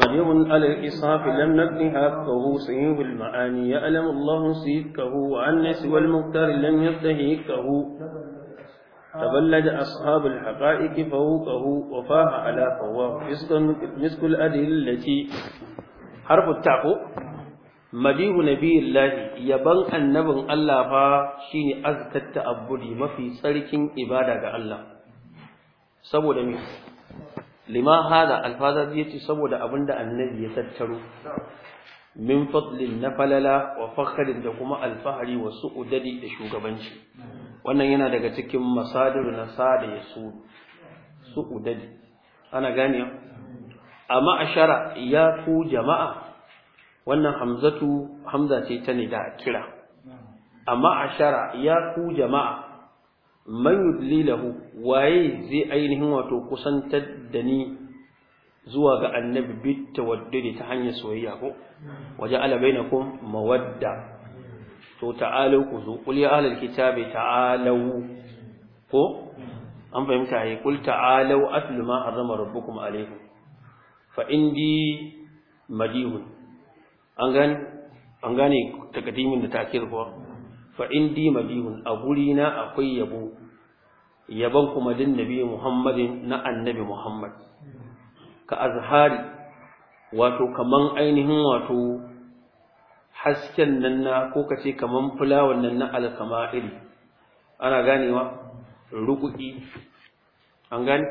بديع على الإصحاب لم نبن حقه سيف المعاني يعلم الله سيكه وعن سوى المختار لم يفتهيكه تبلد أصحاب الحقائق فوقه وفاه على فواه مسك الأدلة حرف التعقو مديح نبي الله يبن النبي الله فا شيني أزكى التأبدي ما في سلك إبادة الله سبو دمي lima hada alfazazi yace saboda abinda annabi ya tattaro min fadlin na falala wa fakhrin da kuma alfahari wa su'udadi da shugabanci wannan yana daga cikin masadiru na sada ya su su'udadi ana gane amma ashara ya ku jama'a wannan hamzatu hamza ce ta nida kira amma ashara ya ku jama'a man yudlilahu waye zai ainihin wato kusantar da ni zuwa ga annabi bit tawaddudi ta hanyar soyayya ko waje ala bainakum mawadda to ta'alu ku zo qul ya ahlul kitabi ta'alu ko an fahimta yi qul ta'alu atlu ma harrama rabbukum alaykum fa indi madihun an gane an gane takadimin da takir ko fa indi madihun a guri na akwai yabo yaban kuma din nabi muhammadin na annabi muhammad ka azhari wato kaman ainihin wato hasken nan na ko kace kaman fulawan nan na alkama'iri ana ganewa rukuki an gane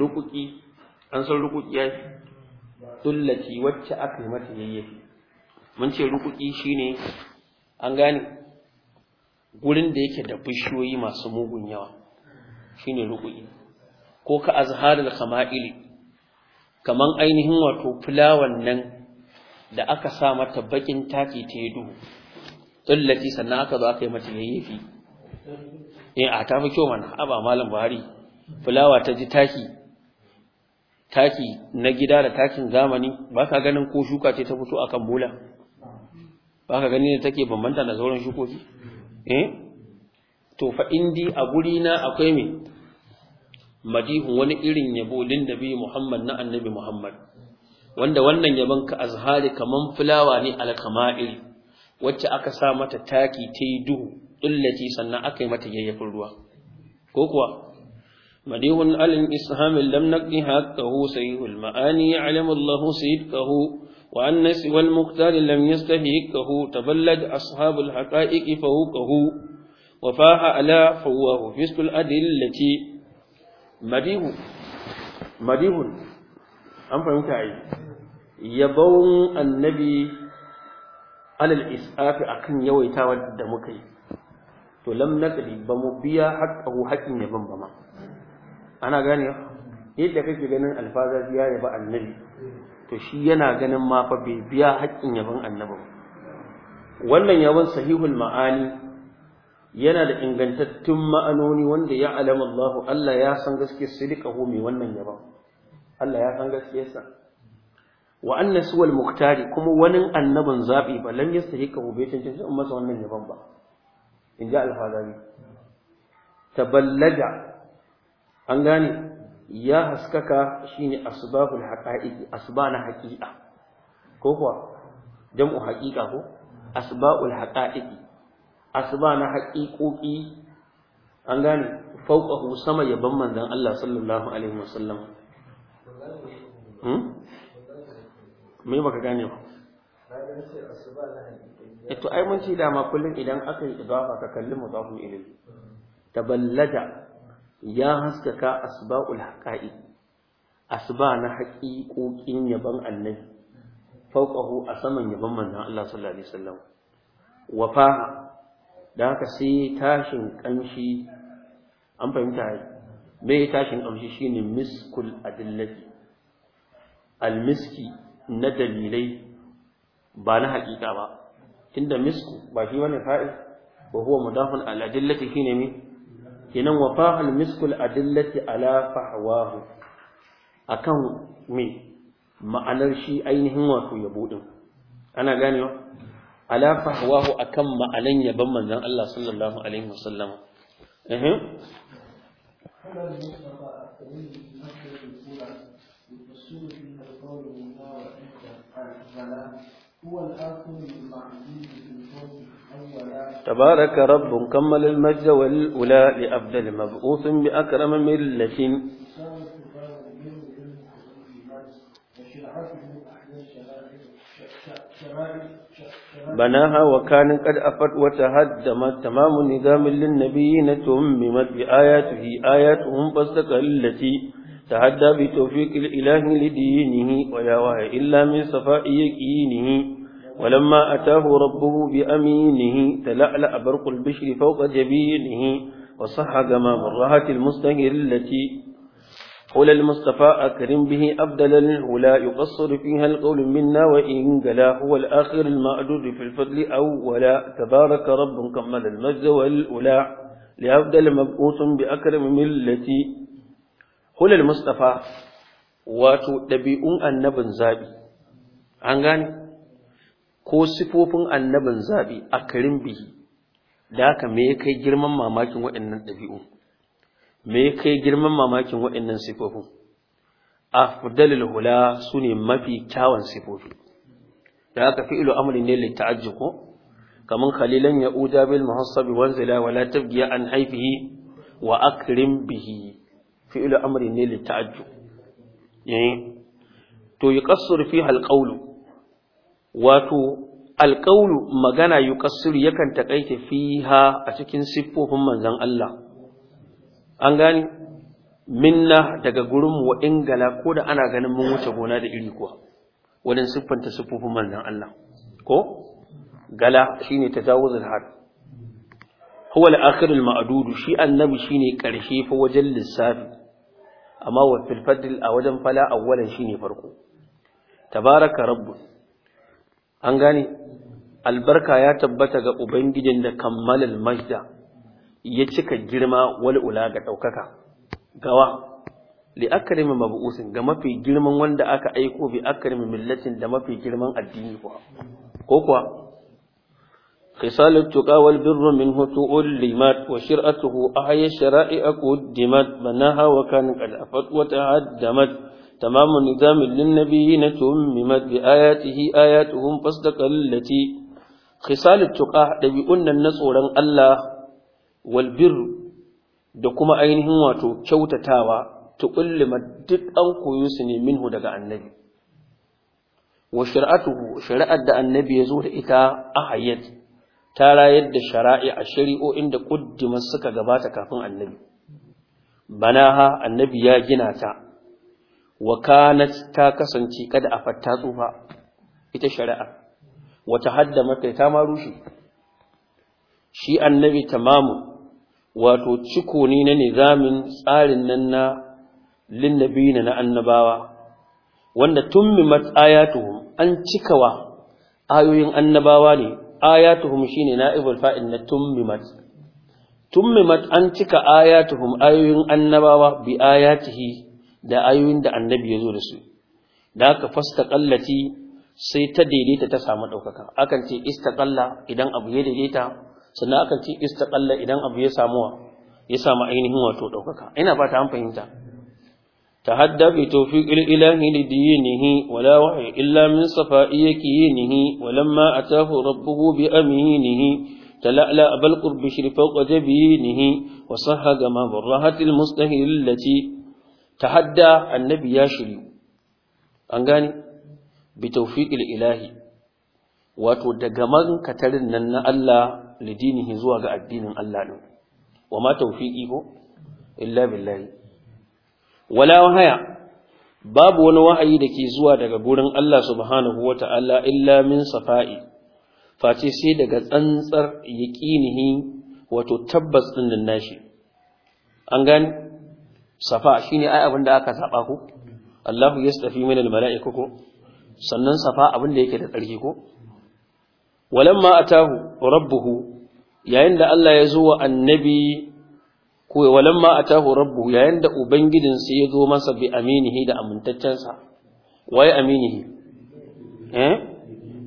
rukuki an san rukuki ya dullaci wacce aka yi mata yayyafi mun ce rukuki shine an gane gurin da yake da bishiyoyi masu mugun yawa shine ruku'i ko ka azharul khama'ili kaman ainihin wato fulawan nan da aka sa mata bakin taki ta yi duhu tsallaki sannan aka zo aka yi mata yayyafi In eh, a ta kyau mana aba malam buhari fulawa ta ji taki taki na gida da takin zamani ba ka ganin ko shuka ce ta fito akan bula? ba ka gani ne take bambanta da sauran shukoki Tofa eh? to fa indi a guri na akwai me madihun wani irin yabo lin nabi Muhammad na annabi Muhammad wanda wannan yabon ka azhari kaman fulawa ne alkama'il wacce aka sa mata taki ta yi duhu dullati sannan aka yi mata yayyafin ruwa ko kuwa madihun alin ishamil lam naqi haqqahu sayyul ma'ani ya'lamu Allahu sayyidahu وأن نسوى المختار لم يستهيكه تبلد أصحاب الحقائق فوقه وفاح على فواه فسق الأدلة مديه مديه أم فهمت عيد يبون النبي على الإسعاف أكن يويتا ودمكي تلم نقلي بمبيا حقه حق يبن بما أنا غاني yadda kake ganin alfaza ya yaba annabi to shi yana ganin ma fa bai biya haƙƙin yabon annabi ba wannan yawan sahihul ma'ani yana da ingantattun ma'anoni wanda ya alama Allah Allah ya san gaske gaskiyar sidiqahu mai wannan yabon Allah ya san gaskiyarsa wa anna suwal muktari kuma wani annabin zabi ba lam yastahiqahu bai tantance masa wannan yabon ba in ji alfazari taballaga an gane ya haskaka shine asbabul haqa'iqi asbana haqiqa ko kuwa jam'u haqiqa ko asba'ul haqa'iqi asbana haqiqoqi an gane fawqahu sama yaban manzon Allah sallallahu alaihi wasallam hmm me baka gane ba eh to ai mun ci dama kullum idan aka yi idafa ka kalli mudafu ilayhi Taballada. ya haskaka asba'ul haqa'i asba na haƙiƙoƙin yaban annabi fawqahu a saman yaban manzon Allah sallallahu alaihi wasallam wafa da haka sai tashin kanshi an fahimta me tashin kanshi shine miskul adillati almiski na dalilai ba na haƙiƙa ba tunda misku ba shi wani fa'il ba huwa mudafun aladillati shine mi? kenan wa fahal miskul adillati ala fahwahu akan me ma'anar shi ainihin wato yabo din ana gane wa ala fahwahu akan ma'anan yaban manzon Allah sallallahu alaihi wasallam eh eh تبارك رب كمل المجد والأولى لأبدل مبعوث بأكرم ملة بناها وكان قد أفت وتهدمت تمام نظام للنبيين تممت بآياته آياتهم فاستقلت تعدى بتوفيق الإله لدينه ولا وهي إلا من صفاء يقينه ولما أتاه ربه بأمينه تلألأ برق البشر فوق جبينه وصح جمع مرهة المستهر التي قول المصطفى أكرم به أبدل الهلا يقصر فيها القول منا وإن جلا هو الآخر المأدود في الفضل أولا تبارك رب كمل المجد والأولى لأبدل مبؤوس بأكرم التي Kulil mustafa wato ɗabi'un annabin zaɓi an gane ko sifofin annabin zaɓi a karin bihi da aka me ya kai girman mamakin waɗannan ɗabi'u me ya kai girman mamakin waɗannan sifofin afdalul hula sune mafi kyawun sifofi da aka fi ilo amrin ne litta'ajji ko kaman khalilan ya'uda bil muhassabi wanzila wala tabgiya an haifihi wa akrim bihi fi'lu amari ne litta'ajjub yayi eh, to yuqassir fiha alqawlu wato alqawlu magana yuqassir yakan takaita fiha a cikin siffofin manzon Allah an gani minna daga gurin wa ingala ko da ana ganin mun wuce gona da iri kuwa wajen siffanta siffofin manzon Allah ko gala shine tajawuzul had huwa al-akhir al-ma'dud shi annabi shine karshe fa wajen lissafi amma wa fil fadl a wajen fala awwalan shine farko tabaraka rabbu an gane albarka ya tabbata ga ubangijin da kammalal majda ya cika girma wal ula ga daukaka gawa li akrim mabusin ga mafi girman wanda aka aiko bi akrim millatin da mafi girman addini kuwa ko kuwa خصال التقى والبر منه تؤلمت وشرأته أحيا الشرائع قدمت بناها وكان قد عفت وتعدمت تمام نظام للنبيين تممت بآياته آياتهم فاصدق التي خصال التقى دبيئن النصورا الله والبر دكما عينهم واتو كوتتاوا تؤلمت دك أنكو يسني منه دقى النبي wa shari'atuhu shari'ar da annabi ya zo da ita a hayyat ta rayar da shari'a a shari'o'in da kuddima suka gabata kafin annabi banaha annabi ya gina ta wa kanat ta kasance kada a fatta tsufa ita shari'a wa tahaddama kai ta ma shi annabi tamamu wato ciko ne na nizamin tsarin nan na linnabina na annabawa wanda tummimat ayatuhum an cikawa ayoyin annabawa ne ayatuhum shine na'ibul fa'il na tummimat tummimat an cika ayatuhum ayoyin annabawa bi ayatihi da ayoyin da annabi ya zo da su da aka fastaqallati sai ta daidaita ta samu ɗaukaka akan ce istaqalla idan abu ya daidaita sannan akan ce istaqalla idan abu ya samuwa ya samu ainihin wato ɗaukaka ina ba ta an fahimta تحدى بتوفيق الإله لدينه ولا وحي إلا من صفاء يكينه ولما أتاه ربه بأمينه تلألأ بالقرب شر فوق جبينه وصح كما برهت المستهل التي تحدى النبي ياشري أنغاني بتوفيق الإله وتدقمان كترن أن الله لدينه زوغ الدين الله وما توفيقه إلا بالله wala wahaya babu wani wahayi da ke zuwa daga gurin Allah subhanahu wa ta'ala illa min safa'i face sai daga tsantsar yaƙinihi wato tabbas ɗin nashi an gani safa shine ai abin da aka saba ku Allahu yastafi min almala'iku ko sannan safa abin da yake da tsarki ko walamma atahu rabbuhu yayin da Allah ya zo wa annabi ko walamma tahu rabbu yayin da ubangidin sai ya zo masa bi aminihi da amintaccensa waye aminihi eh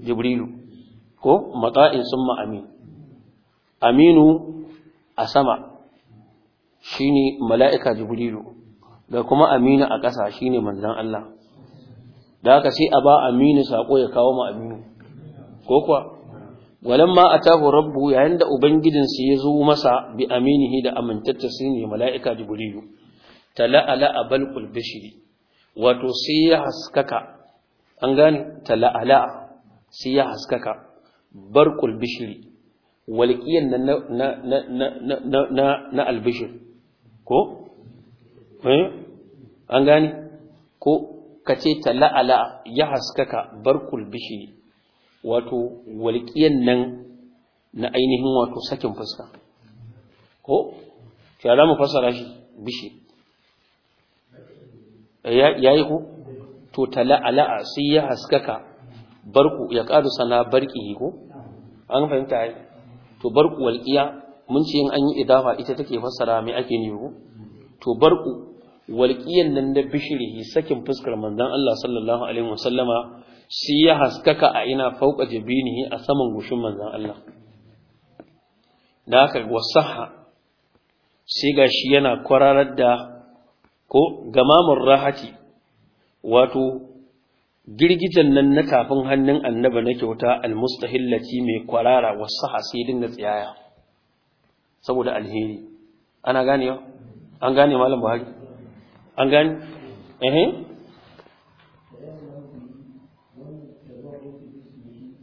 jibrilu ko mata'in summa amin aminu a sama shine mala'ika jibrilu da kuma aminu a ƙasa shine manzon Allah da haka sai a ba aminu sako ya kawo mu aminu ko kuwa walamma atahu rabbu yayin da ubangijinsa ya zo masa bi aminihi da amintatta shine mala'ika jibrilu tala'ala abal qulbishri wato sai ya haskaka an gane tala'ala sai ya haskaka barqul bishri walqiyan na na na na na ko eh an gane ko kace tala'ala ya haskaka barqul wato walƙiyan nan na ainihin wato sakin fuska ko ya za mu shi bishi ya yi ku to tala'ala'a sai ya haskaka barku ya ƙadu sana barki ko an fahimta ai to barku walƙiya mun ce yin an yi idafa ita take fasara mai ake ne ko to barku walƙiyan nan da bishirihi sakin fuskar manzan Allah sallallahu alaihi wasallama shi ya haskaka a ina fauka jibinihi a saman gushin manzan Allah da aka wasaha sai ga shi yana kwararar da ko gamamun rahati wato girgijan nan na tafin hannun annaba na kyauta almustahillaci mai kwarara wasaha sai dinga tsiyaya saboda alheri ana yau? an gane malam buhari an gane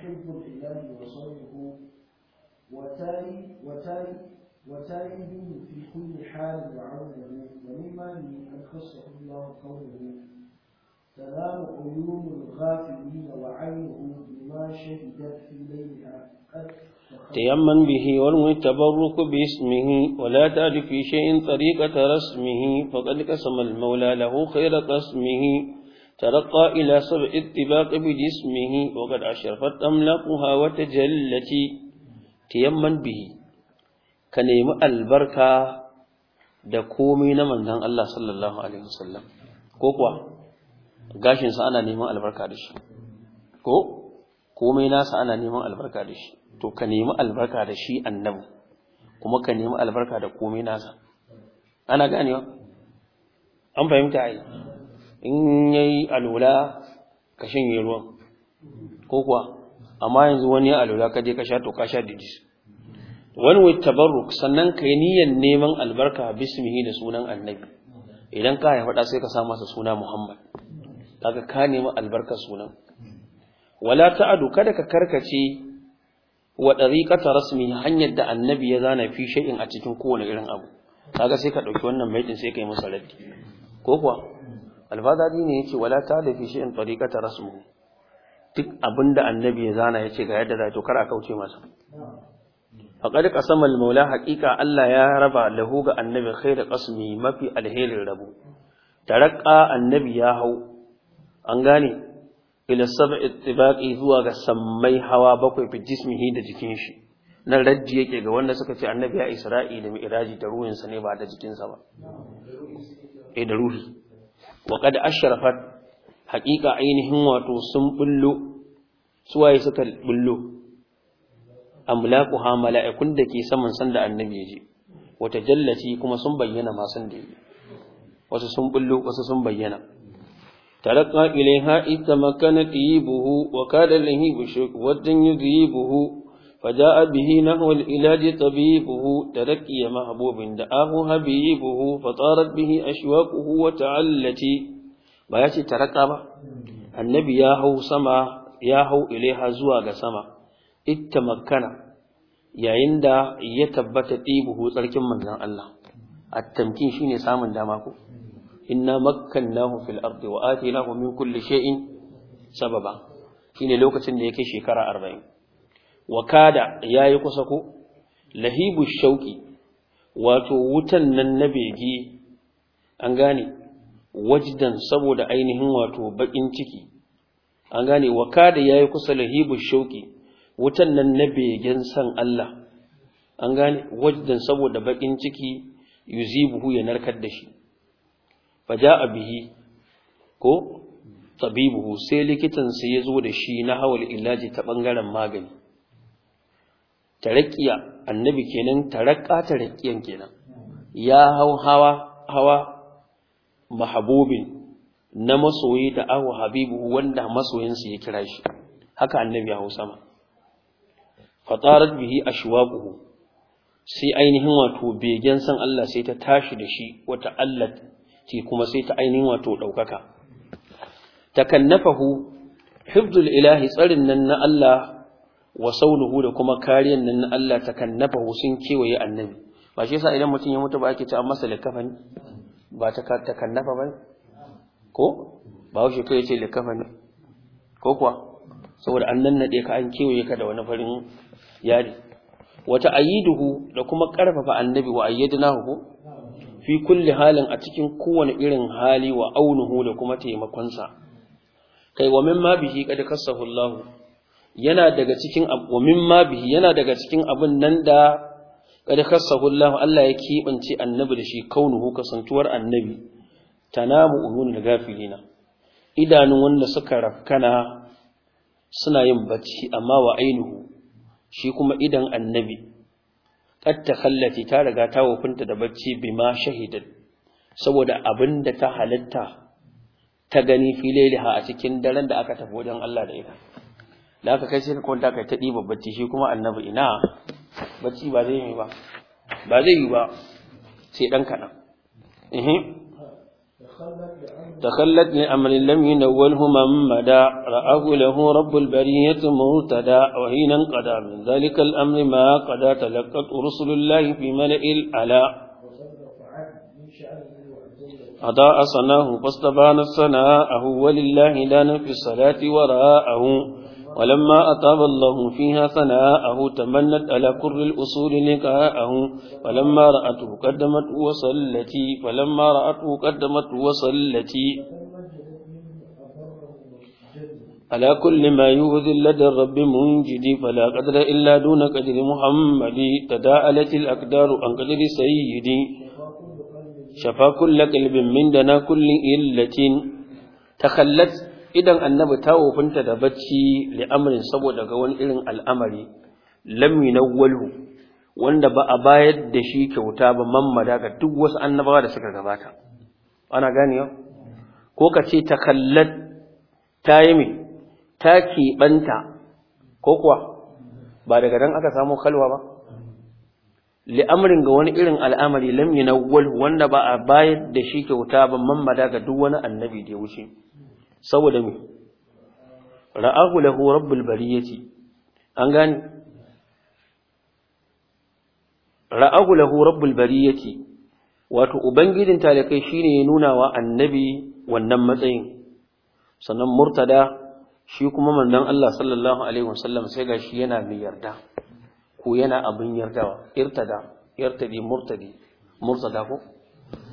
حفظ العباد وصونه وتالي وتالي وتاليه في كل حال وعونه ومما أن خصه الله قوله تنام عيون الغافلين وعينه بما شهدت في ليلها قد تيمن به والمه التبرك باسمه ولا تعرف في شيء طريقة رسمه فقد قسم المولى له خير قسمه ترقى إلى سبع اتباق بجسمه وقد أشرفت أملاقها وتجلت تيمن به كنيم البركة دكومي من دان الله صلى الله عليه وسلم كوكوا gashin sa ana neman albarka da shi ko komai nasa ana neman albarka da shi to ka nemi albarka da shi annabi kuma ka nemi albarka da komai nasa ana ganewa an fahimta ai in yayi alula ka shanye ruwan ko kuwa amma yanzu wani alula ka je ka sha to ka sha didis wani wai tabarruk sannan ka yi niyyar neman albarka bismihi da sunan annabi idan ka haifa da sai ka sa masa suna muhammad kaga ka nemi albarka sunan wala ta'adu kada ka karkace wa dariqata rasmi hanyar da annabi ya zana fi shay'in a cikin kowane irin abu kaga sai ka dauki wannan maitin sai kai masa raddi ko kuwa alfazari ne yace wala ta da fi shi'in tariqata rasmu duk abinda annabi ya zana ce ga yadda za to kar a kauce masa faqad qasama al-maula haƙiƙa Allah ya raba lahu ga annabi kai da qasmi mafi alherin rabu tarakka annabi ya hau an gane ila sab'i tibaqi zuwa ga sammai hawa bakwai fi jismihi da jikin shi nan raddi yake ga wanda suka ce annabi ya isra'i da mi'raji da ruhinsa ne ba da jikinsa ba eh da ruhi wa qad ashrafat haqiqa ainihin wato sun bullo suwaye suka bullo amlaquha mala'ikun da ke saman sanda annabi ya wata jallaci kuma sun bayyana ma san da yi wasu sun bullo wasu sun bayyana ترقى إليها إذ تمكن تيبه وكاد له بشك ود يذيبه فجاء به نحو العلاج طبيبه ترقي محبوب دعاه حبيبه فطارت به أشواقه وتعلت ما يأتي ترقى ما النبي ياهو سما ياهو إليها زواج سما اتمكن يا عند يتبت طيبه ترك من الله التمكين شيني سامن دماكو إنا مكناه في الأرض وآتيناه من كل شيء سببا شيني لوكة ليكي شكرا أربعين wakada yayi kusa ko lahibu shauki wato wutan nan na bege an gane wajdan saboda ainihin wato bakin ciki an gane wakada yayi kusa lahibu shauki wutan nan na begen san Allah an gane wajdan saboda bakin ciki yuzibuhu ya narkar da shi faja'a bihi ko tabibuhu sai likitan ya zo da shi na hawal ilaji ta bangaren magani tarakiya annabi kenan taraka tarakiyan kenan ya hau hawa hawa mahabubin na masoyi da awa habibu wanda masoyinsa ya kira shi haka annabi ya hau sama fatarat bihi ashwaquhu sai ainihin wato begen san Allah sai ta tashi da shi wata Allah ce kuma sai ta ainihin wato daukaka takannafahu hifdul ilahi tsarin nan na Allah wa sauluhu da kuma kariyan nan na Allah ta kannafa sun kewaye annabi ba shi yasa idan mutum ya mutu ba ake ci an masa likafani ba ta kannafa ba ko ba wuce kai ce likafani ko kuwa saboda an nade ka an kewaye ka da wani farin yari wata ayyiduhu da kuma karfafa annabi wa ayyadnahu fi kulli halin a cikin kowane irin hali wa aunuhu da kuma taimakonsa kai wa mimma bihi qad kassahu Allahu yana daga cikin min ma bihi yana daga cikin abun nan da kada khassahu Allah Allah ya kibance annabi da shi kaunuhu kasantuwar annabi tanamu ulun da gafilina idanun wanda suka rafkana suna yin bacci amma wa ainuhu shi kuma idan annabi ta khallati ta riga ta wafinta da bacci bima shahidat saboda abin da ta halitta ta gani filailiha a cikin daren da aka tafi wajen Allah da ita da aka kai sai ka kwanta kai ta ɗiba bacci shi kuma annabi ina bacci ba zai yi ba ba zai yi ba sai ɗan kaɗan تخلت لأمر لم ينوله من مدى رآه له رب البرية مرتدى وحين انقضى من ذلك الأمر ما قضى تلقت رسل الله في ملئ الألا أضاء صناه فاستبان صناءه ولله لا نفي الصلاة وراءه ولما أطاب الله فيها ثناءه تمنت على كل الأصول لقاءه فلما رأته قدمت وصلتي فلما رأته قدمت وصلتي على كل ما يوذل لدى الرب منجدي فلا قدر إلا دون قدر محمدي تداعلت الأقدار عن قدر سيدي شفى كل قلب من دنا كل إلة تخلت idan annabi ta wofinta da bacci li'amrin saboda ga wani irin al'amari lammi na walu wanda ba a bayar da shi kyauta ba mammada ga duk wasu annabawa da suka gabata ana gane yau ko ka ce ta kallat ta yi mai ta keɓanta ko kuwa ba daga nan aka samu kalwa ba li'amrin ga wani irin al'amari lam yunawwal wanda ba a bayar da shi kyauta ba mammada ga duk wani annabi da ya wuce saboda me ra'ahu lahu rabbul bariyati an gane ra'ahu lahu rabbul bariyati wato ubangijin talakai shine ya nuna wa annabi wannan matsayin sannan murtada shi kuma manzon Allah sallallahu alaihi wasallam sai ga shi yana mai yarda ko yana abin yardawa irtada irtadi murtadi murtada ko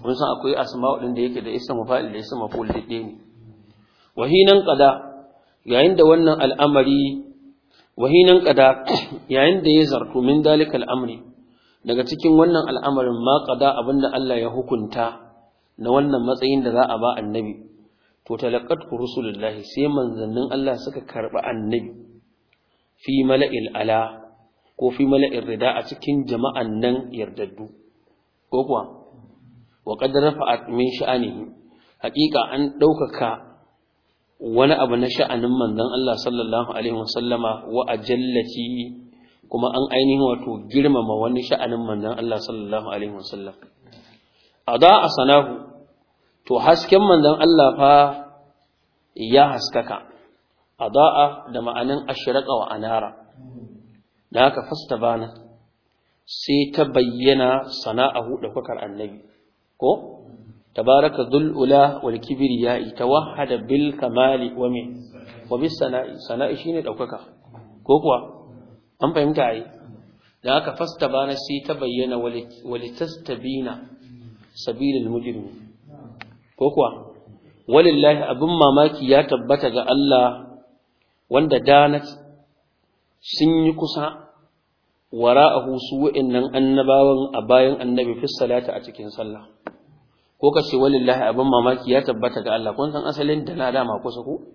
mun san akwai asma'u din da yake da ismu fa'il da ismu maf'ul da ne wahinan ƙada yayin da wannan al'amari wahinan yayin da ya zartu min dalikal amri daga cikin wannan al'amarin ma abin abinda Allah ya hukunta na wannan matsayin da za a ba annabi to ku rusulullahi sai manzannin Allah suka karɓi annabi fi mala'il ala ko fi mala'il rida a cikin jama'an nan yardaddu ko kuwa wa qad rafa'at min sha'anihi haƙiƙa an ɗaukaka. wani abu na sha'anin manzon Allah sallallahu alaihi wasallama wa ajallati kuma an ainihin wato girmama wani sha'anin manzon Allah sallallahu alaihi wasallam ada asanahu to hasken manzon Allah fa ya haskaka ada'a da ma'anin ashraqa wa anara da haka fastabana sai ta bayyana sana'ahu daukar annabi ko tabaraka dhul ula wal kibriya tawahhada bil kamali wa min wa sana'i sana'i shine daukaka ko kuwa an fahimta ai da aka fastabana sai ta bayyana walitastabina sabilil mujrimi ko kuwa walillahi abin mamaki ya tabbata ga Allah wanda danat sun yi kusa a husu wa'annan annabawan a bayan annabi fi salata a cikin sallah ko ka ce walillahi abin mamaki ya tabbata ga Allah kun san asalin da na dama kusa ko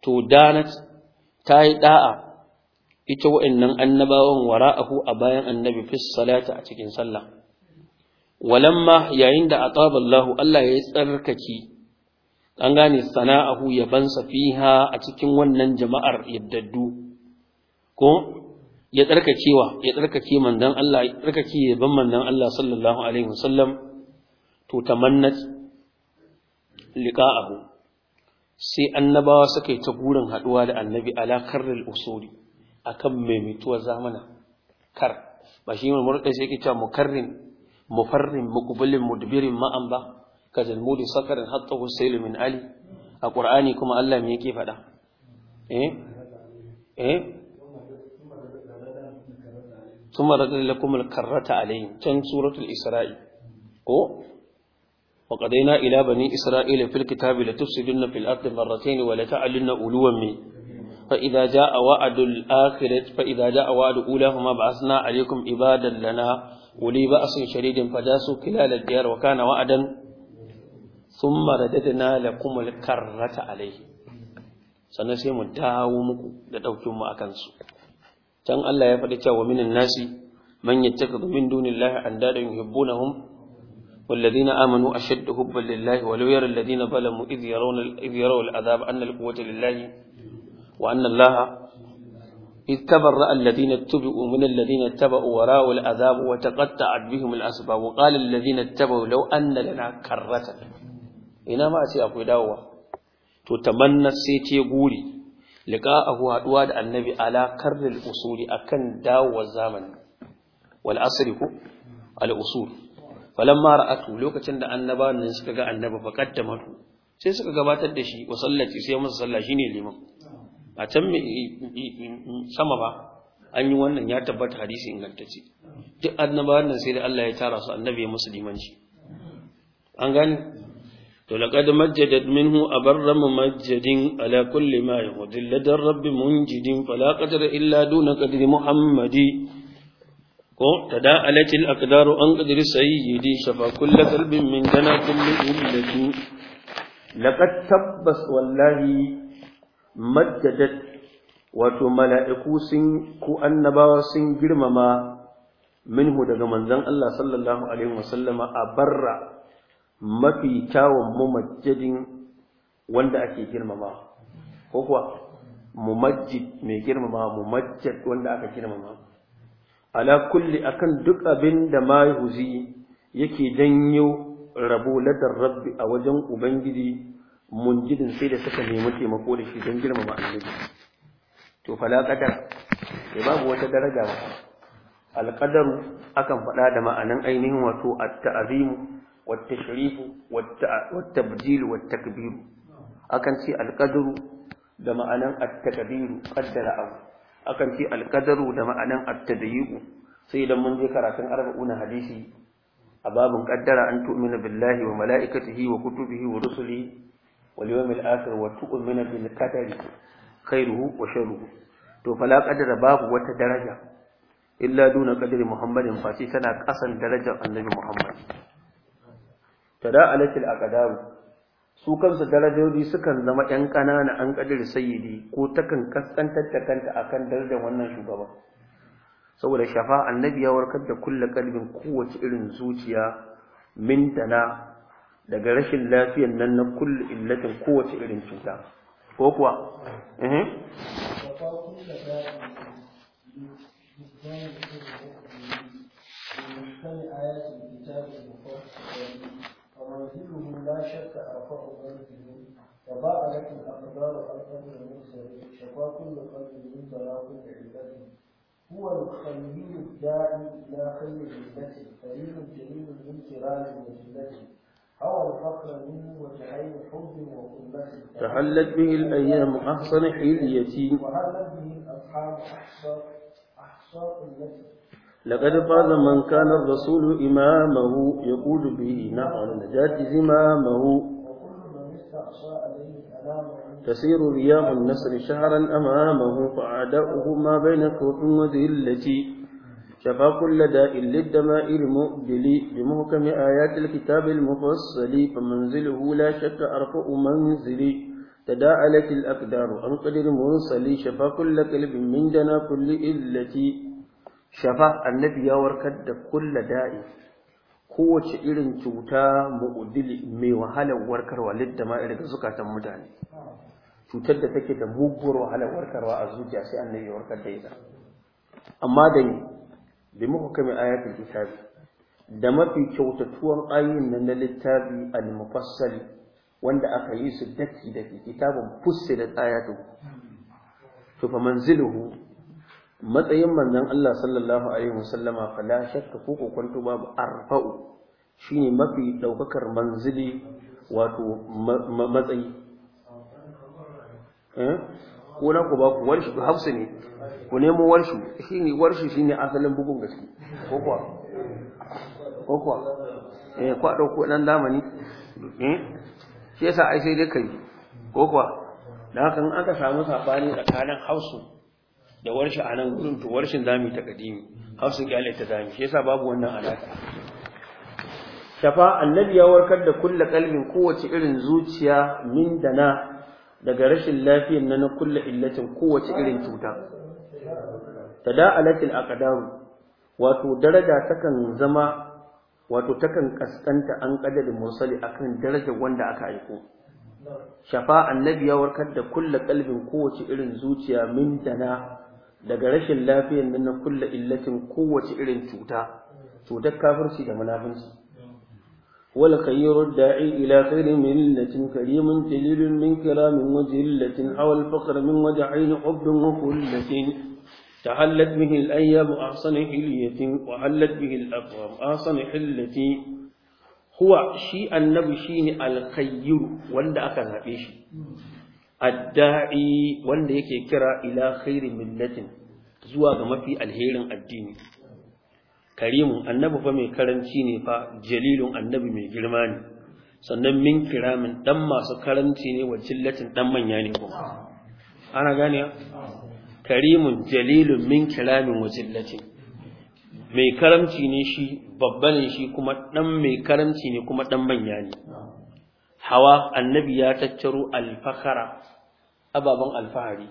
to danat ta yi da'a ita wa'annan annabawan wara'ahu a bayan annabi fi salata a cikin sallah walamma yayin da ataba Allah Allah ya tsarkake an gane sana'ahu yabansa fiha a cikin wannan jama'ar yaddaddu ko ya tsarkakewa ya tsarkake manzon Allah ya tsarkake yaban manzon Allah sallallahu alaihi wasallam to tamannat liqa'ahu sai annabawa suka yi ta gurin haɗuwa da annabi ala karril usuli akan maimaituwar zamana kar ba shi mai murɗe sai yake mukarrin mufarrin muqbilin mudbirin ma'an ba ka jalmudi sakarin hatta husayl min ali a qur'ani kuma Allah me yake faɗa eh eh ثم ردنا لكم الكرة عليهم تن سورة ko وقضينا إلى بني إسرائيل في الكتاب لتفسدن في الأرض مرتين ولتعلن أولوا من فإذا جاء وعد الآخرة فإذا جاء وعد أولاهما بعثنا عليكم عبادا لنا ولي بأس شديد فجاسوا خلال الديار وكان وعدا ثم رددنا لكم الكرة عليه سنسي مداومك لدوكم أكنس كان الله يفعل cewa minan nasi man yattaka min dunillahi andadan yuhibbunahum والذين آمنوا أشد حبا لله ولو يرى الذين ظلموا إذ يرون إذ يروا العذاب أن القوة لله وأن الله إذ تبرأ الذين اتبعوا من الذين اتبعوا وراءوا العذاب وتقطعت بهم الأسباب وقال الذين اتبعوا لو أن لنا كرة إنا ما أتي أقول دعوة تتمنى سيتي يقولي لقاءه أدواد النبي على كر الأصول أكن دعوة الزمن والأصل الأصول falamma ra'atu lokacin da annabawan nan suka ga annabi fa tu sai suka gabatar da shi wa sallati sai masa sallah shine liman a can sama ba an yi wannan ya tabbata hadisi ingantacce duk annabawan nan sai da Allah ya tara su annabi musu limanci an gani to laqad majjadat minhu abarra mumajjadin ala kulli ma yudilla ladar rabbi munjidin fala qadara illa duna qadri muhammadi ko alatil aqdaru an qadri sayyidi shafa kullu qalbin min dana kullu illatu laqad tabbas wallahi maddadat wato mala'iku sun ku annabawa sun girmama minhu daga manzon Allah sallallahu alaihi wasallama a barra mafi kyawun mumajjadin wanda ake girmama ko kuwa mumajjid mai girmama mumajjad wanda aka girmama ala kulli akan duk abin da ma huzi yake janyo rabo ladar rabbi a wajen ubangiji munjidin sai da suka nemi taimako da shi don girmama annabi to fala qadar sai babu wata daraja ba alqadaru akan faɗa da ma'anan ainihin wato at-ta'zimu wat-tashrifu wat-tabdil wat-takbir akan ce alqadaru da ma'anan at-takbir qaddara abu akan ce alkadaru da ma'anan attadayiku sai idan mun je karatun arba'una hadisi a babin kaddara an tu'mina billahi wa mala'ikatihi wa kutubihi wa Rusuli wal yawmil akhir wa tu'mina bil qadari khairuhu wa sharruhu to fala qadara babu wata daraja illa duna qadri muhammadin fasi tana kasan darajar annabi muhammad tada'alatil aqdaru su kansu darajoji sukan zama ‘yan ƙanana an ƙadir sayidi ko takan kaskantar da kanta a kan darajar wannan shugaban saboda shafa annabi ya warkar da kulle kalbin kowace irin zuciya mintana daga rashin lafiyan nan na kulle illatin kowace irin cuta ko kuwa mhm. لا شك أرفع درجه وضاع لك الأقدار الأرض المرسل شفا كل قلب من ضلاط عباده هو الخليل الداعي إلى خير جنته كريم جليل من كرام وجلته هو الفقر منه وجعين حب وقلته تحلت به الأيام أحسن حليتي وهلت به الأصحاب أحصاء أحصاء التي لقد فاز من كان الرسول إمامه يقول به نحو النجاة زمامه تسير رياح النسر شهرا أمامه فأعداؤه ما بين كفر وذلة شفى كل داء للدماء المؤدل بمحكم آيات الكتاب المفصل فمنزله لا شك أرفع منزلي تداعلت الأقدار عن قدر مرسل شفى كل قلب من دنا كل إلتي shafa annabi ya warkar da kulla da'i kowace irin cuta mu'udili mai wahalar warkarwa lidda ma irin zukatan mutane cutar da take da muguwar wahalar warkarwa a zuciya sai annabi ya warkar da ita amma da ni bi muhkami ayatul kitabi da mafi kyautatuwan ayin nan na littafi al wanda aka yi su daki daki kitabun fussilat ayatu to fa manziluhu matsayin manzon Allah sallallahu alaihi wasallama la shakka ko kokonto babu arfa'u shine mafi daukakar manzili wato matsayi eh? ko na ku ba ku warshi ku hafsu ne ku nemo warshi shine warshi shine asalin bugun gaske ko kuwa ko kuwa eh kwa dauko dan zamani eh shi yasa ai sai dai kai ko kuwa dan haka in aka samu sabani tsakanin hausu da warshi a nan gudun to warshin zami ta kadimi hafsin kyale ta zami shi yasa babu wannan alaka shafa annabi ya warkar da kulla kalbin kowace irin zuciya min dana daga rashin lafiyar nan na kulle illatin kowace irin cuta Da a aqdaru wato daraja takan zama wato takan kaskanta an kadari mursali akan darajar wanda aka aiko shafa annabi ya warkar da kulla kalbin kowace irin zuciya min dana daga rashin lafiyar nan na kulle illatin kowace irin cuta cutar da kafirci da munafinci wal khayru da'i ila khayrin min latin karimun jalilun min kiramin wajillatin aw al faqr min waja'in ubdun wa kullatin ta'allat bihi al ayyam ahsan hilyatin wa allat bihi al aqwam ahsan hilati huwa shi annabi shi ne al khayru wanda aka zabe shi adda'i wanda yake kira ila khairin millatin zuwa ga mafi alherin addini karimun annabi fa mai karanci ne fa jalilun annabi mai girma ne sannan min kiramin dan masu karanci ne wa jillatin dan manya ne kuma ana gane karimun jalilun min kiramin wa jillatin mai karamci ne shi babba ne shi kuma dan mai karamci ne kuma dan manya ne hawa annabi ya tattaro alfakara ababan alfahari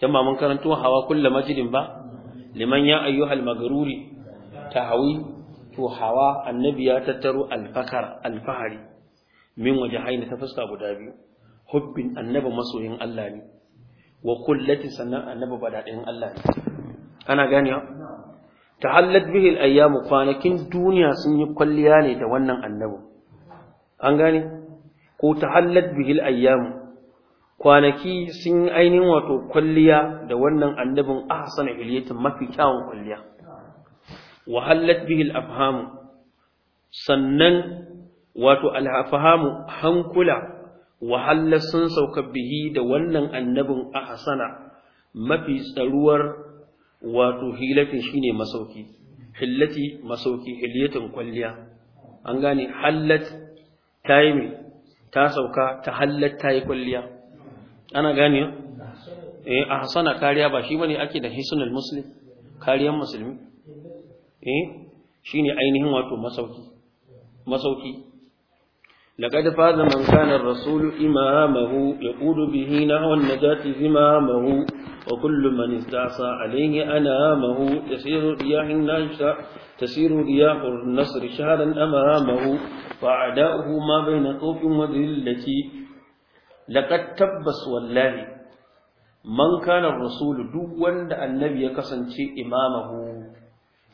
jama'a mun karanto hawa kullu majlin ba liman ya ayyuhal magruri tahawi to hawa annabi ya tattaro alfakar alfahari min wajhaini ta fuska guda biyu hubbin annabi masoyin Allah ne wa kullati sannan annabi badadin Allah ne ana ganewa tahallat bihi al kwanakin duniya sun yi kwalliya ne da wannan annabi an gane ko ta hallat bihil ayyamu kwanaki sun yi ainihin wato kwalliya da wannan annabin ahsana hilyatin mafi kyawun kwalliya wa hallat bihil afhamu sannan wato al'afahamu hankula wa hallat sun sauka bihi da wannan annabin ahsana mafi tsaruwar wato hilatin shine masauki hillati masauki hilyatin kwalliya an gane hallat taimi ta sauka ta halatta yi kulliya ana gani eh ahsana kariya ba shi bane ake da hisnul muslim kariyan musulmi eh shine ainihin wato masauki masauki لقد فاز من كان الرسول إمامه يقول به نحو النجاة زمامه وكل من استعصى عليه أنامه تسير رياح النجاة تسير رياح النصر شهرا أمامه فأعداؤه ما بين خوف وذلة لقد تبس والله من كان الرسول دوان النبي يكسن إمامه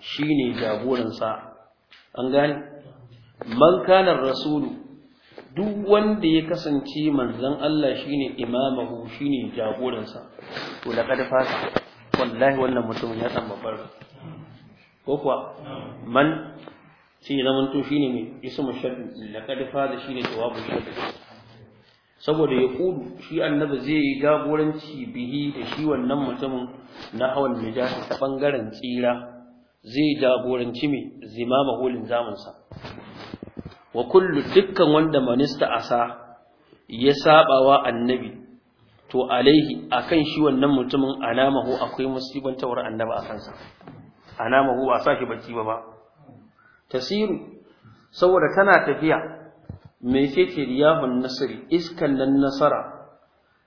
شيني جابورا ساعة أنقال من كان الرسول duk wanda ya kasance manzan Allah shine imamahu shine jagoransa to laqad fasa wallahi wannan mutumin ya san babbar ko kuwa man shi ya zamanto shine mai ismu shaddu laqad fasa shine jawabu shaddu saboda ya kudu shi annabi zai yi jagoranci bihi da shi wannan mutumin na hawan mijahi ta bangaren tsira zai jagoranci mai zimama holin zamansa wa kullu dukkan wanda manista asa ya sabawa annabi to alaihi akan shi wannan mutumin anamahu akwai tawar annaba akan sa anamahu ba sa shi bacci ba ba tasiru saboda tana tafiya mai ce riyahun nasri iskan nan nasara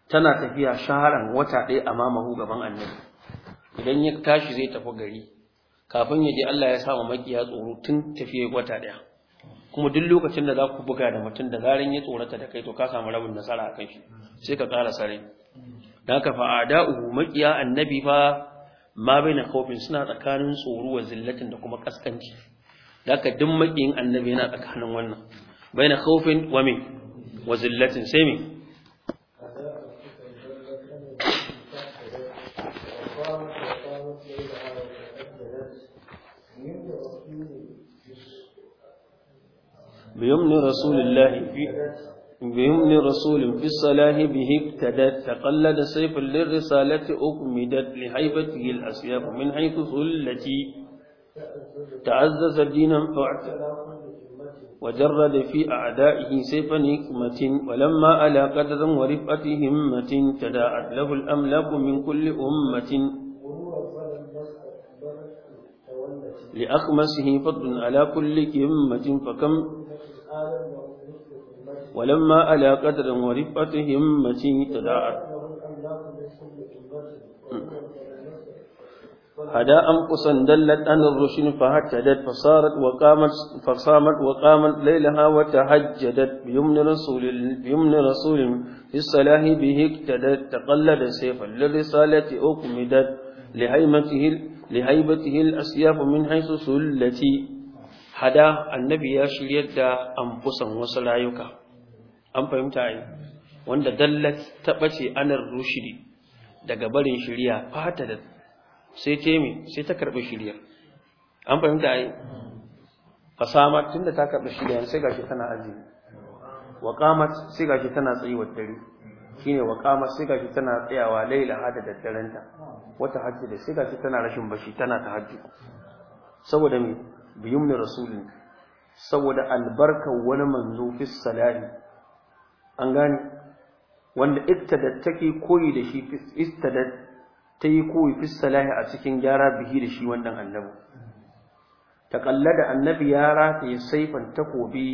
tana tafiya shaharan wata ɗaya mamahu gaban annabi idan ya tashi zai tafi gari kafin ya je Allah ya sa makiya tsoro tun tafiya wata ɗaya kuma duk lokacin da za ku buga da mutum da zarin ya tsorata da kai to ka samu rabin nasara a kai shi sai ka kara sare da haka fa'ada uhu maƙiya annabi fa ma bai na kofin suna tsakanin tsoro wa zillatin da kuma ƙasƙanci da ka duk maƙiyin annabi yana tsakanin wannan bai na kofin wa min wa zillatin sai min بيمن رسول الله في بيمن رسول في الصلاة به ابتدت تقلد سيف للرسالة أكمدت لهيبته الأسياف من حيث سلتي تعزز دينا فاعتدى وجرد في أعدائه سيفا نكمة ولما على قدر ورفقة همة تداعت له الأملاك من كل أمة لأخمسه فضل على كل كمة فكم ولما على قدر ورفة همتي تداعت هدا أنقصا دلت عن الرشد فهتدت فصارت وقامت فصامت وقامت ليلها وتهجدت بيمن رسول بيمن رسول في الصلاح به اقتدت تقلد سيفا للرسالة أكمدت لهيمته لهيبته الأسياف من حيث سلتي hada annabi ya shiryar da amfusan wasu rayuka an fahimta ai wanda dallat ta bace anar rushidi daga barin shiriya fata da sai teme sai ta karɓi shiriya an fahimta ai fasama tunda ta karɓi shiriya sai gashi tana aji wa qamat sai gashi tana tsayuwar dare shine wa qamat sai gashi tana tsayawa laila hada da darenta wata hajji da sai gashi tana rashin bashi tana ta hajji saboda me bi yumni rasulin saboda albarkar wani manzo fi salari an gane wanda ittadat take koyi da shi ittadat ta yi koyi fi salahi a cikin gyara bihi da shi wannan annabi taqallada annabi ya rata ya saifan takobi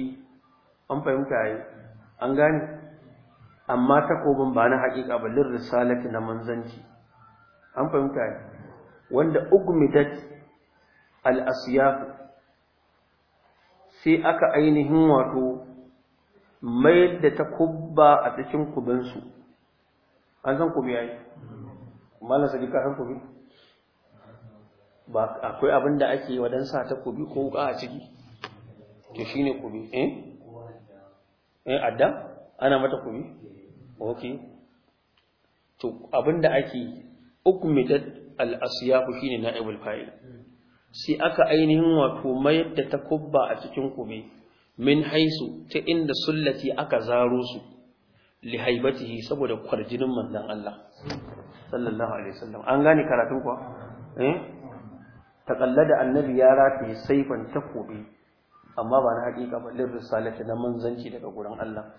an fahimta yi an gane amma takobin ba na hakika ba lir risalati na manzanci an fahimta yi wanda ugmidat al asyafu sai aka ainihin wato mayar da ta kubba a cikin kubinsu an san kubi yayi malam ka san kubi ba akwai abin da ake wadan sa ta kubi ko wuka a ciki to shine kubi eh eh adda ana mata kubi okay to abin da ake ukmidat al-asyahu shine na'ibul fa'il sai aka ainihin wato mayar da takubba a cikin kume min haisu ta inda sullati aka zaro su li haibatihi saboda kwarjinin manzon Allah sallallahu alaihi wasallam an gane karatun kuwa eh taqallada annabi ya rafi saifan kube. amma ba na hakika ba lir risalati na manzanci daga gurin Allah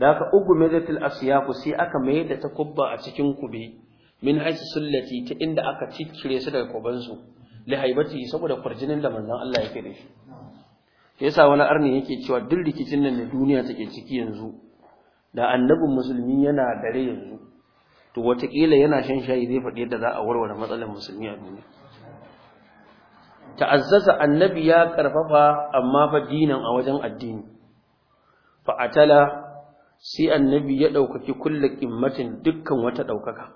da aka mezatil asyaqu sai aka mayar da takubba a cikin kube min haisu sullati ta inda aka cikire su daga kubansu lihaibati saboda kwarjinin da manzon Allah yake da shi yasa wani arni yake cewa duk rikicin nan da duniya take ciki yanzu da annabin musulmi yana dare yanzu to wataƙila yana shan shayi zai faɗi yadda za a warware matsalar musulmi a duniya ta'azzasa annabi ya karfafa amma fa dinan a wajen addini fa atala sai annabi ya ɗaukaki kulle ƙimmacin dukkan wata ɗaukaka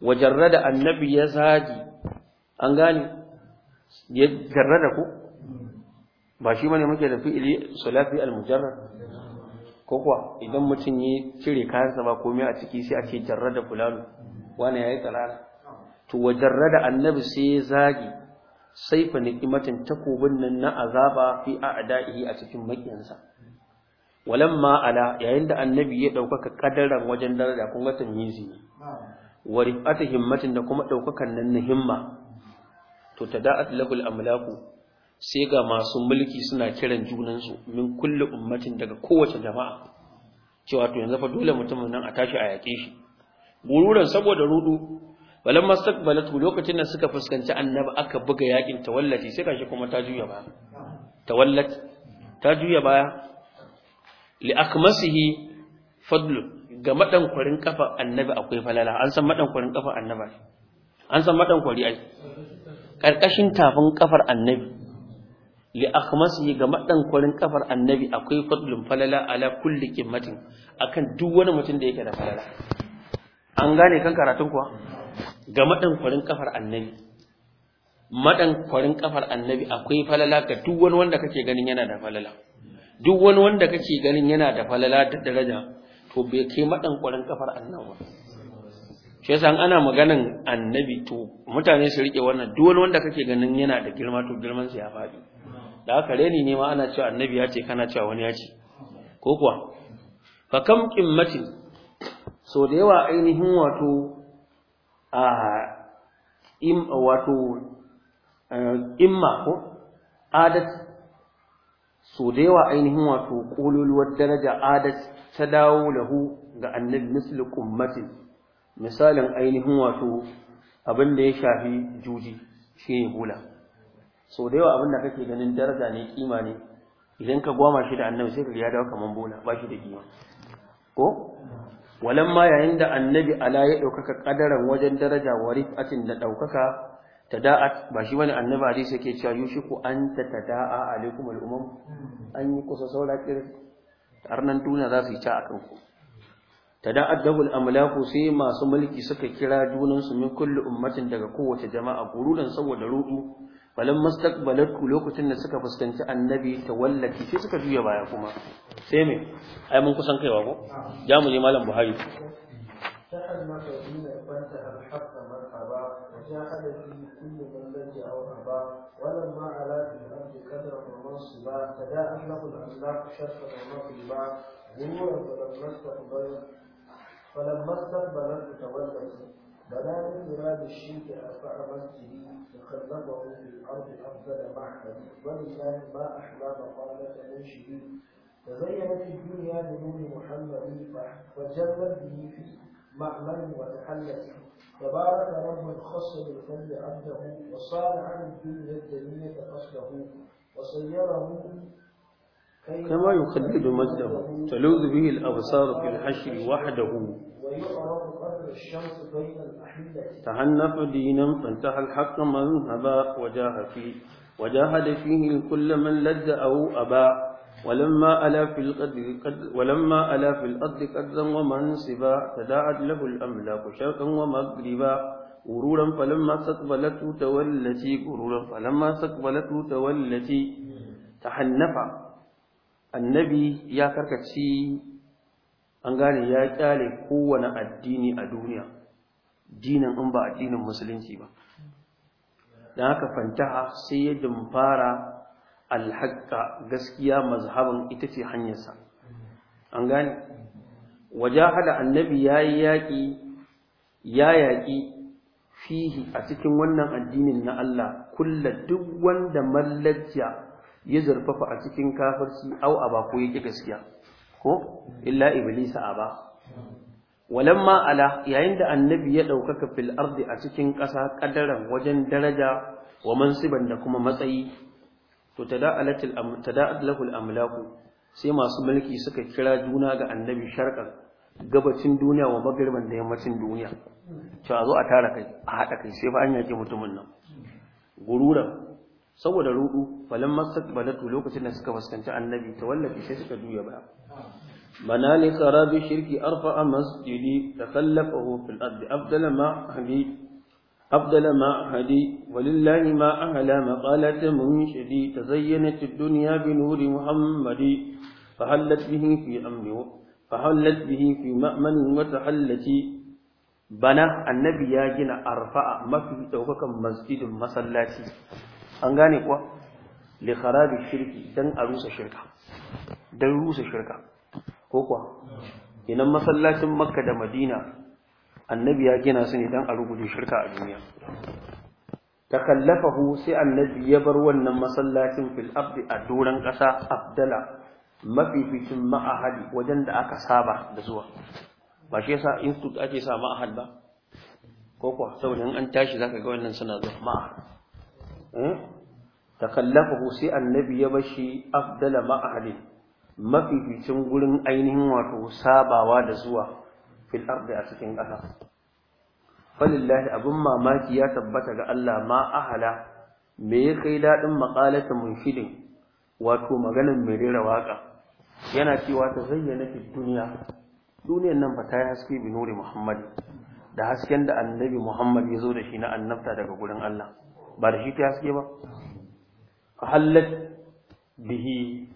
Wajen rada annabi ya zagi an gane ya garra da ku ba shi bane muke da fi'ili salafi al-mujarrad ko kuwa idan mutum ya cire kayansa ba komai a ciki sai a ce jarra da fulano wani yayi tsarara to wa jarra da annabi sai ya zagi sai fa ni'imatin takobin nan na azaba fi a'da'ihi a cikin makiyansa walamma ala yayin da annabi ya ɗaukaka kadaran wajen daraja kun ga tamyizi wa rifata himmatin da kuma ɗaukakan nan na himma to tada'at lahul amlaku sai ga masu mulki suna kiran junansu min kulli ummatin daga kowace jama'a cewa to yanzu fa dole mutumin nan a tashi a yaƙe shi gururan saboda rudu balan mastaqbalatu lokacin da suka fuskanci annabi aka buga yakin tawallati sai kashi kuma ta juya baya tawallat ta juya baya li akmasihi fadlu ga madankwarin kafa annabi akwai falala an san madankwarin kafa annabi an san madankwari ai ƙarƙashin tafin kafar annabi li akhmasi ga madan kurin kafar annabi akwai fadlun falala ala kulli kimmatin, akan duk wani mutum da yake da falala an gane kan karatun kuwa ga madan kurin kafar annabi madan kurin kafar annabi akwai falala ga duk wani wanda kake ganin yana da falala duk wani wanda kake ganin yana da falala da daraja to bai kai madan kurin kafar annabi shi yasa ana maganan annabi to mutane su rike wannan duk wani wanda kake ganin yana da girma to girman sa ya faɗi da haka reni ne ma ana cewa annabi ya ce kana cewa wani ya ce ko kuwa fa kam qimmati so da yawa ainihin wato a im wato imma ko adat so da yawa ainihin wato kololuwar daraja adat ta dawo lahu ga annabi mislu qummatin misalin ainihin wato abin da ya shafi juji shi ne hula sau da yawa abin da kake ganin daraja ne kima ne idan ka gwama shi da annabi sai ka ya dawo kaman bola ba shi da kima ko walamma yayin da annabi ala ya ɗaukaka ƙadaran wajen daraja wa rifatin da ɗaukaka ta da'a ba shi wani annabi hadisi ke cewa ku an ta ta da'a, alaikum al'umam an yi kusa saura arnan duniya za su yi ca akan ku tada'addabul amlaku sai masu mulki suka kira junan su min kulli ummatin daga kowace jama'a gururan saboda rudu balan mastaqbalatu lokacin da suka fuskanci annabi wallaki, sai suka juya baya kuma sai me ai mun kusan kaiwa ko ja mu malam buhari sa'al فلما استقبل المتولد بنى من مراد ارفع أربع وخلفه في الأرض أفضل معهد ولسان ما أحلى مقالة منشد تزينت الدنيا بنور محمد فجرت به في معمل وتحلت تبارك رب خص بالفضل عبده وصار عن الدنيا الدنيا قصده وسيره كما يخلد مجده تلوذ به الأبصار في الحشر وحده الشمس بين تحنف دينا فانتهى الحق مذهبا وجاه فيه وجاهد فيه كل من لد أو أبى ولما ألا في القدر ولما ألا في الأرض قدرا ومنصبا تداعت له الأملاك شرقا ومغربا غرورا فلما استقبلته تولتي غرورا فلما استقبلته تولتي تحنف النبي يا كركتي an gane ya kyale kowane addini a duniya dinin in ba addinin musulunci ba Dan haka fantaha sai ya dumfara alhaƙa gaskiya mazhaban ita ce hanyarsa an gane wajahada annabi ya yi yaƙi ya yaƙi fihi a cikin wannan addinin na Allah kulla duk wanda mallajja ya zurfafa a cikin kafirci au aba ko yake gaskiya ko illa iblis aba walamma ala yayin da annabi ya ɗaukaka fil ardi a cikin ƙasa ƙadaran wajen daraja wa mansiban da kuma matsayi to tada'alatil am lahu amlaku sai masu mulki suka kira juna ga annabi sharqan gabacin duniya wa magriban da yammacin duniya to a zo a tara kai a haɗa kai sai fa an yake mutumin nan gururan saboda rudu falan masaqbalatu lokacin da suka fuskanci annabi ta wallafi sai suka duya ba منال خراب الشرك أرفع مسجدي تخلفه في الأرض أفضل ما أهدي أفضل ما أهدي ولله ما أهلا مقالة منشدي تزينت الدنيا بنور محمد فحلت به في أمر فحلت به في مأمن وتحلت بنا النبي يا جنا أرفع ما في توكك مسجد مسلاتي أنغاني قوة لخراب الشرك دن أروس شركة دن روس شركة ko kuwa idan masallacin makka da madina annabi ya gina su ne don a rubuta shirka a duniya Ta takallafahu sai annabi ya bar wannan masallacin filabdi a doron ƙasa abdala mafificin ma'ahadi wajen da aka saba da zuwa ba shi yasa institute ake sa ma'ahad ba ko kuwa saboda in an tashi zaka ga wannan suna zuwa ma'ahad hmm? takallafahu sai annabi ya bashi afdala ma'ahadin mafificin gurin ainihin wato sabawa da zuwa fil ardi a cikin ƙasa falillahi abin mamaki ya tabbata ga Allah ma ahala me ya kai daɗin maƙalata munshidin wato maganar mai rera waƙa yana cewa ta zayyana fi duniya Duniyar nan fa ta yi haske bi nuri muhammad da hasken da annabi muhammad ya zo da shi na annabta daga gurin Allah ba da shi ta haske ba fa hallat bihi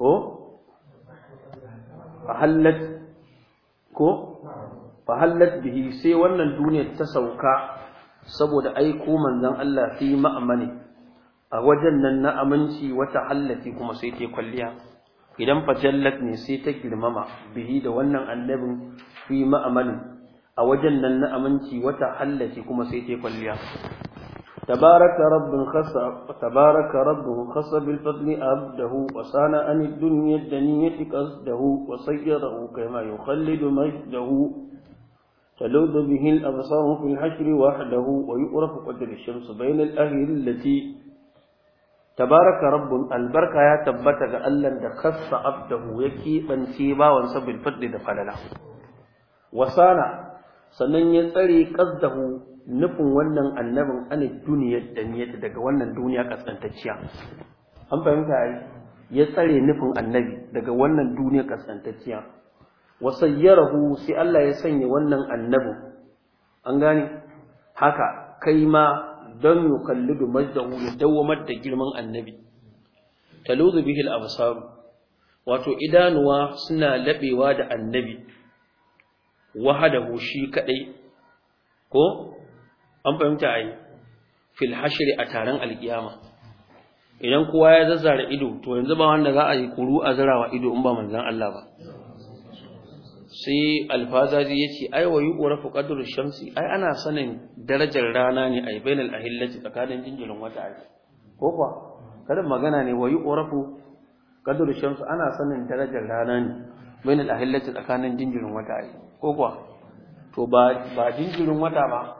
ko fahallat ko fahallat bihi sai wannan duniyar ta sauka saboda aiko manzon Allah fi ma'amani a wajen nan na aminci wata hallati kuma sai ta kwalliya idan fajallat ne sai ta girmama bihi da wannan annabin fi ma'amani a wajen nan na aminci wata hallati kuma sai ta kwalliya تبارك رب خص وتبارك ربه خص بالفضل عبده وصان عن الدنيا الدنية قصده وصيره كما يخلد مجده تلوذ به الأبصار في الحشر وحده ويؤرف قدر الشمس بين الأهل التي تبارك رب البركة يا تبتك ألا خص عبده يكي من سيبا ونصب الفضل دفل له وصان سنن يتري قصده nufin wannan annabin ana duniyar niyyata daga wannan duniya kaskantacciya an fahimta ai ya tsare nufin annabi daga wannan duniya kaskantacciya wa sayyarahu sai Allah ya sanya wannan annabin an gane haka kai ma don kalli yukallidu da ya dawamar da girman annabi taludu bihil absar wato idanuwa suna labewa da annabi wahadahu shi kaɗai ko an fahimta a yi fil a taron alkiyama idan kowa ya zazzara ido to yanzu ba wanda za a yi kuru a zirawa ido in ba manzan Allah ba sai alfazaji ya ce ai wa yi ƙorafi ƙadurin shamsi ai ana sanin darajar rana ne a yi bainal ahillaci tsakanin jinjirin wata ai ko kuwa karin magana ne wa yi ƙorafi ƙadurin shamsi ana sanin darajar rana ne bainal ahillaci tsakanin jinjirin wata ai ko kuwa to ba jinjirin wata ba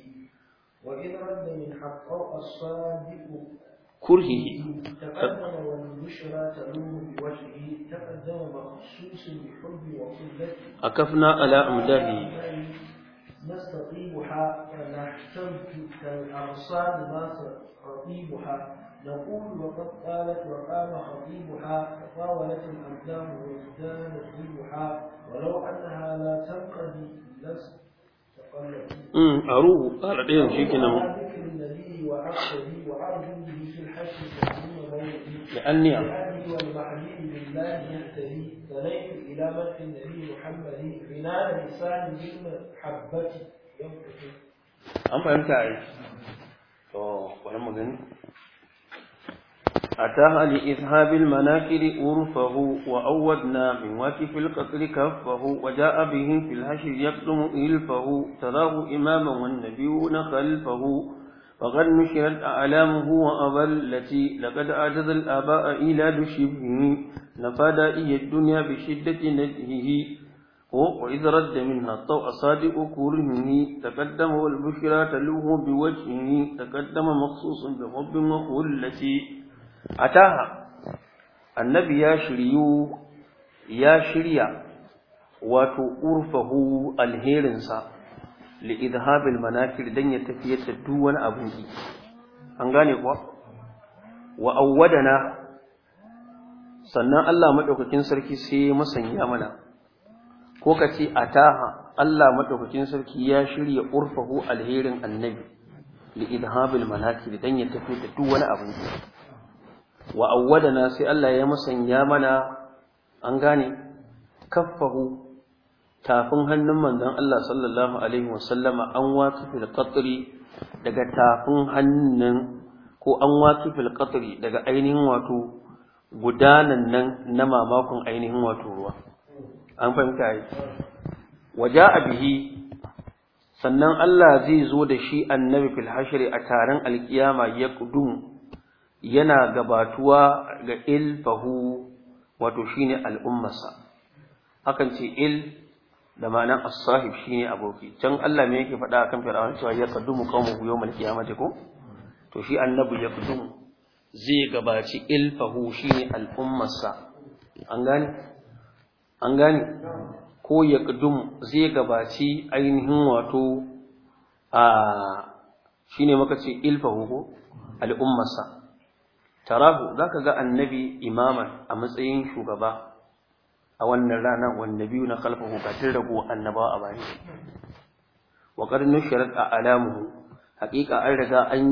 وإن رد من حقه الصادق كرهه تقدم والبشرى تلوم بوجهه تقدم مخصوص بحب وقلته أكفنا على أمداه نستطيبها نحتمت كالأغصان ما تطيبها نقول وقد قالت وقام خطيبها تطاولت الأقدام وازدانت ذبها ولو أنها لا تنقضي لست امم أروه قال دين شي كنا لأني والمحبيب لله يهتدي فليت إلى مدح النبي محمد غنى لسان من محبتي ينقص أم فهمت عايش؟ أوه ولما أتاها لإذهاب المناكر أرفه وأودنا من واكف القتل كفه وجاء به في الهشر يقدم إلفه تراه إماما والنبيون خلفه فقد نشرت أعلامه وأظلت لقد أعجز الآباء إلى شبهه نفاد إي الدنيا بشدة نجهه وإذ رد منها الطوء صادق كرهه تقدم والبشرى تلوه بوجهه تقدم مخصوص بحب وخلة ataha annabi ya shiryu ya shirya wato urfahu alherinsa li idhabil manakir dan ya tafiye ta duk wani abin ki an gane kuwa wa awwadana sannan Allah madaukakin sarki sai ya masanya mana ko ka ce ataha Allah madaukakin sarki ya shirya urfahu alherin annabi li idhabil manakir dan ya tafiye ta duk wani abin wa awwadana sai Allah ya musanya mana an gane kaffahu tafin hannun manzon Allah sallallahu alaihi wasallama an wato fil qatri daga tafin hannun ko an wato fil qatri daga ainihin wato gudanan nan na mamakon ainihin wato ruwa an fahimta yi waja'a bihi sannan Allah zai zo da shi annabi fil hashri a taron alkiyama ya yana gabatuwa ga il fahu wato shine al'ummarsa akan ce il da ma'anar as-sahib shine aboki can Allah me yake faɗa akan fir'aun cewa ya qaddumu qaumahu yawmal qiyamati ko to shi annabi ya qaddumu zai gabaci il fahu shine al'ummarsa an gane an gane ko ya qaddumu zai gabaci ainihin wato a shine muka ce il fahu ko al'ummarsa tarahu ka ga annabi imaman a matsayin shugaba a wannan rana wanda biyu na kalfahu katin rago annaba a bani wa qarnu sharat a alamuhu haƙiƙa an riga an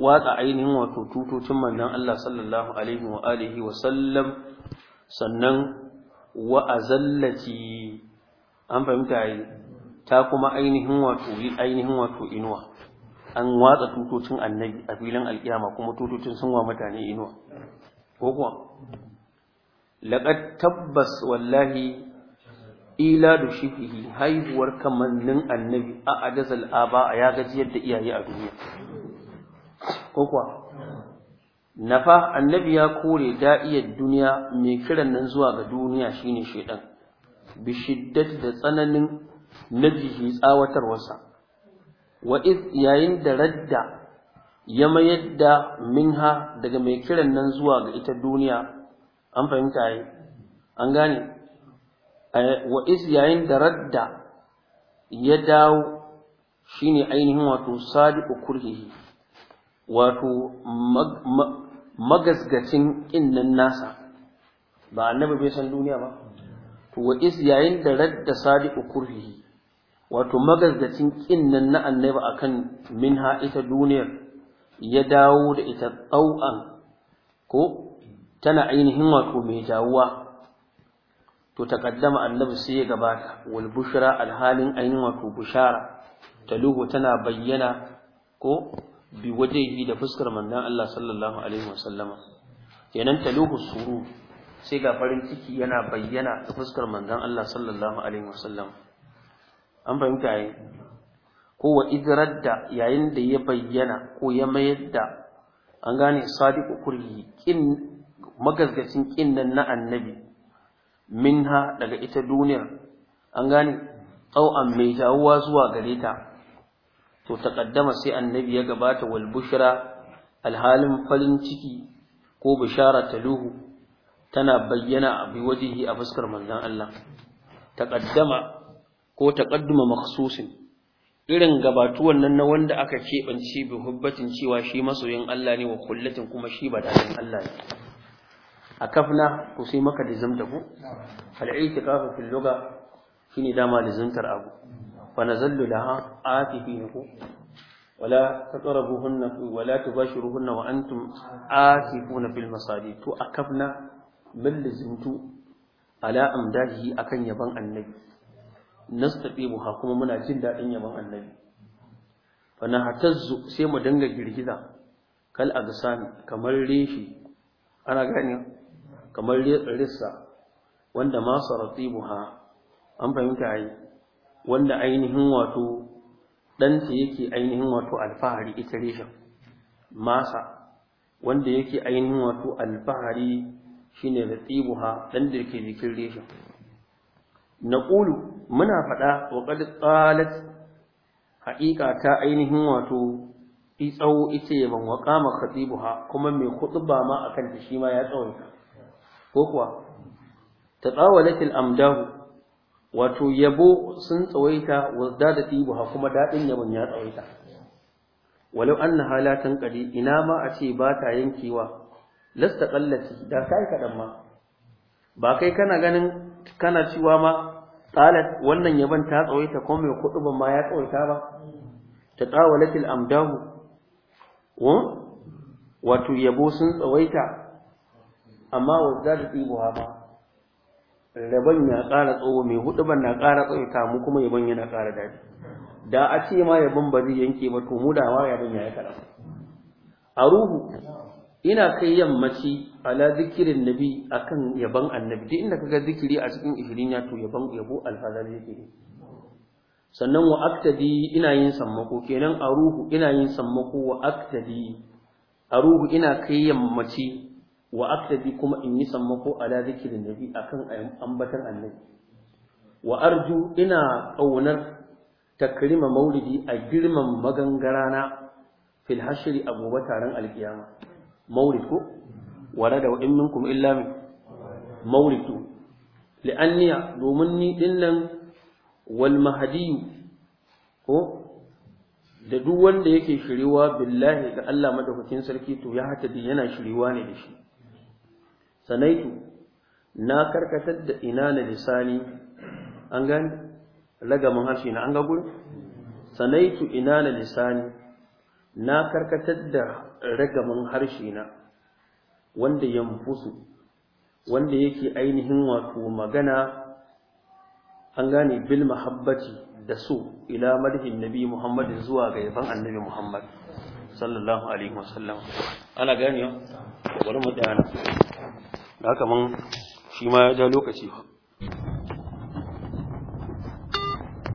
watsa ainihin wato tutocin mannan Allah sallallahu alaihi wa alihi wa sallam sannan wa azallati an fahimta ta kuma ainihin wato ainihin wato inuwa an watsa tutocin annabi a filin alkiyama kuma tutocin sun wa mutane inuwa ko kuwa laƙar tabbas wallahi ila da shifihi haihuwar kamannin annabi a adazal aba ya gajiyar da iyaye a duniya ko kuwa nafa annabi ya kore da'iyar duniya mai kiran nan zuwa ga duniya shine shaidan, bi da tsananin najihi tsawatarwarsa wa yayin da radda ya mayar da minha daga mai kiran nan zuwa ga ita duniya an fahimta yi an gane eh, wa yayin da radda ya dawo shine ainihin wato sadiqu kurhihi wato magasgacin innan nasa ba annabi bai san duniya ba to wa yayin da radda sadiqu kurhihi wato magazgacin kin nan na annabi akan minha ita duniyar ya dawo da ita tsau'an ko tana ainihin wato mai jawuwa to taqaddama annabi sai ya gabata wal bushra alhalin ainihin wato bushara taluhu tana bayyana ko bi wajehi da fuskar manzon Allah sallallahu alaihi wasallama kenan taluhu suru sai ga farin ciki yana bayyana da fuskar manzon Allah sallallahu alaihi wasallama an fahimta yi ko wa da yayin da ya bayyana ko ya mayar da an gane sadiqu kulli kin magazgacin kin nan na annabi minha daga ita duniyar an gane tsau'an mai jawuwa zuwa gare ta to takaddama sai annabi ya gabata wal bushra alhalin farin ciki ko bishara ta luhu tana bayyana a bi wajihi a fuskar manzon Allah takaddama ko taqadduma makhsusin irin gabatuwan nan na wanda aka keɓance bi hubbatin cewa shi masoyin Allah ne wa kullatin kuma shi ba dan Allah ne akafna to sai maka lizamta ku al-i'tikaf fi al-lugha shine dama lizamtar abu fa nazallu laha atifihi ku wala taqrabuhunna wala tubashiruhunna wa antum atifuna fil masadi to kafna, min lizamtu ala amdahi akan yaban annabi ha kuma muna jin dadin yaban annabi fa hatazzu sai mu dinga girgiza kal agsan kamar reshi ana gani kamar rissa wanda ma ha an fahimta ai wanda ainihin wato danta yake ainihin wato alfahari ita reshen masa wanda yake ainihin wato alfahari shine ratibuha dan da yake jikin reshen naqulu muna faɗa wa qad qalat haƙiƙa ta ainihin wato tsawo ita yaban wa qama khatibuha kuma mai khutba ma akan ta shi ma ya ta ko kuwa ta tatawalatil amdahu wato yabo sun tsawaita wa dada tibuha kuma dadin yabon ya tsawaita walau annaha la tanqadi ina ma a ce ba ta yankewa lasta qallati da kai kadan ma ba kai kana ganin kana ciwa ma talat wannan yaban ta tsawaita ko mai ban ma ya tsawaita ba ta tsawalatil amdahu wato yabo sun tsawaita amma wanda da tsibuwa ba rabon ya ƙara tsawo mai ban na ƙara tsawaita mu kuma yaban yana ƙara dadi da a ce ma yaban ba zai yanke ba to mu da ma yaban ya yi kaɗan a ruhu ina kai yammaci ala zikirin nabi akan yaban annabi duk inda kaga zikiri a cikin ishirin ya to yaban yabo alfazar yake sannan wa aktadi ina yin sammako kenan a ruhu ina yin sammako wa aktadi a ruhu ina kai yammaci wa aktadi kuma in yi sammako ala zikirin nabi akan ambatar annabi wa arju ina kaunar takrima maulidi a girman magangarana fil hashri taron alkiyama mawrid ko warada wa in illa min mawrid li'anniya domin ni dinnan wal mahdi ko da duk wanda yake shiriwa billahi ga Allah madaukakin sarki to ya din yana shiriwa ne da shi sanaitu na karkatar da ina na lisani an gani lagamin harshe na an ga gurin sanaitu ina na lisani na karkatar da ragaman harshe na wanda yamfusu wanda yake ainihin wato magana an gane bil mahabbati da so ila madhin nabi Muhammad zuwa ga yaban annabi Muhammad sallallahu alaihi wasallam ana gane yau bari mu dana haka man shi ma ya ja lokaci